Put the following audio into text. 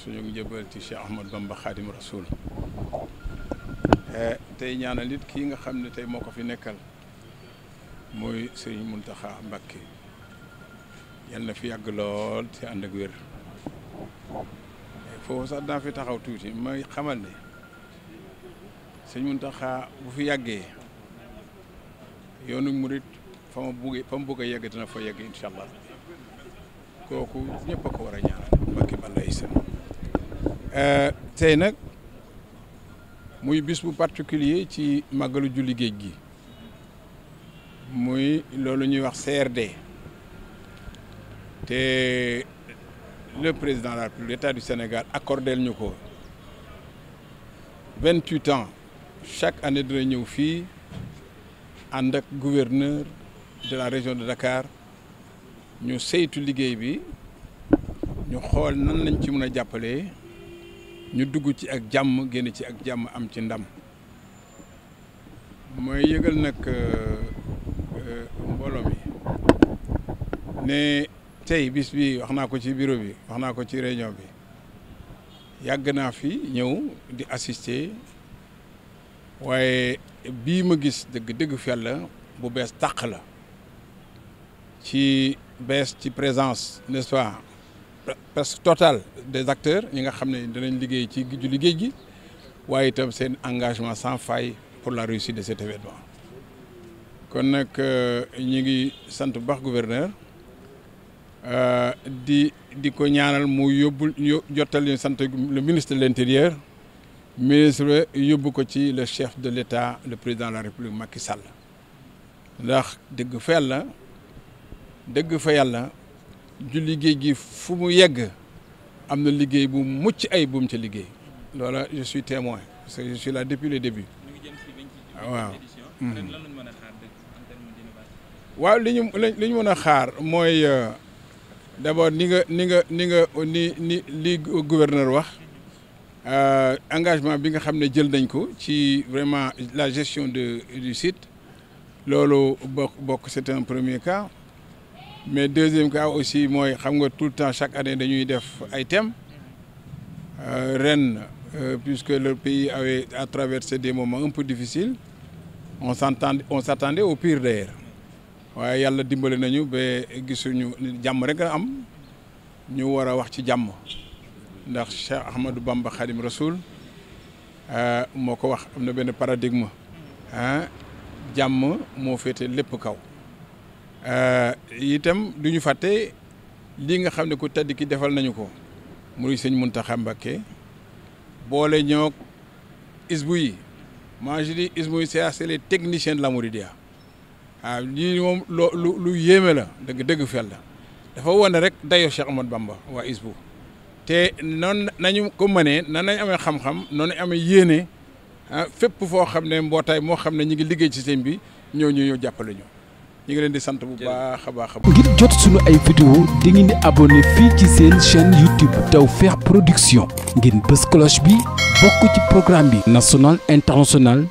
suñu njëbal ci Cheikh Ahmad Bamba Khadim Rasoul eh, tey ñaanal it kii nga xam ne tey moo ko fi nekkal mooy sëriñ Muntaxa Mbàkke yal na fi yàgg lool ci ànd ak wér eh, foofu sax daa fi taxaw tuuti may xamal ne sëñ Muntaxa bu fi yàggee yoonu murit fa ma buggee fa mu bëgg a yegg dina fa yegg incha allah kooku ñëpp ko war ñaanal Mbàkke Balla Aysan sey euh, nag muy bis bu particulier ci màggalu julli géej gi muy loolu ñuy wax CRD te le président de la République l'État du Sénégal accordel ñu ko vingt-huit ans chaque année dina ñëw fii ànd ak gouverneur de la région de Dakar ñu saytu liggéey bi ñu xool nan lañ ci mun a jàppalee ñu dugg ci ak jàmm génn ci ak jàmm am ci ndam mooy yëgal nag euh, euh, mbolo mi ne tey bis bi wax naa ko ci bureau bi wax naa ko ci région bi yàgg naa fi ñëw di assister waaye bii ma gis dëgg dëgg fi yàlla bu bees tàq la ci bees ci présence n'est-ce pas parce que total des acteurs ñi nga xam ne dinañ liggéey ci julli géej gi waaye itam seen engagement sans faille pour la réussite de cet événement kon nag euh, ñi ngi sant bu baax gouverneur euh, di di ko ñaanal mu yóbbul jottal ñu sant le ministre de l'intérieur ministre yóbbu ko ci le chef de l'état le président de la république Macky Sall ndax dëgg fa yàlla dëgg fa yàlla julli liggéey gi fu mu yegg am na liggéey bu mucc ay bu mu ca liggéey loola je suis témoin parce que je suis là depuis le début waaw hmm. waaw ñu li ñu mën a xaar mooy euh, d'abord ni nga ni nga ni nga ni ni li gouverneur wax euh, engagement bi nga xam ne jël nañ ko ci vraiment la gestion de du site loolu bokk bokk c'est un premier cas mais deuxième cas aussi mooy xam nga tout le temps chaque année dañuy def ay thèmes euh, ren euh, puisque le pays avait à traversé des moments un peu difficiles on s'entend on s'attendait au pire d'ailleurs waaye yàlla dimbale nañu ba gisuñu jàmm rek a am ñu war a wax ci jàmm ndax Cheikh Ahmadou Bamba Khadim Rasoul euh, moo ko wax am na benn paradigme ah jàmm moo féete lépp kaw Euh, itam du ñu fàtte lii nga xam ne ku tedd ki defal nañu ko muy sëñ Muntaxa Mbakke boole ñoog isbu yi man je dis isbu yi c'est les techniciens la Mouridia waaw ah, lii moom loo lu lu yéeme la dëgg dëgg fel la dafa wane rek dayo Cheikh Ahmad Bamba waa isbu te na nañu ko mënee nan nañ amee xam-xam noonu amee yéene ah, fépp foo xam ne mbootaay moo xam ne ñu ngi liggéey ci sëñ bi ñoo ñu ñëw jàppale ñu ñu ngi leen di sant bu baax a baax ngir jot suñu ay vidéo di ngeen di abonné fii ci seen chaîne YouTube Tawfekh Production ngeen bës cloche bi bokk ci programme bi national international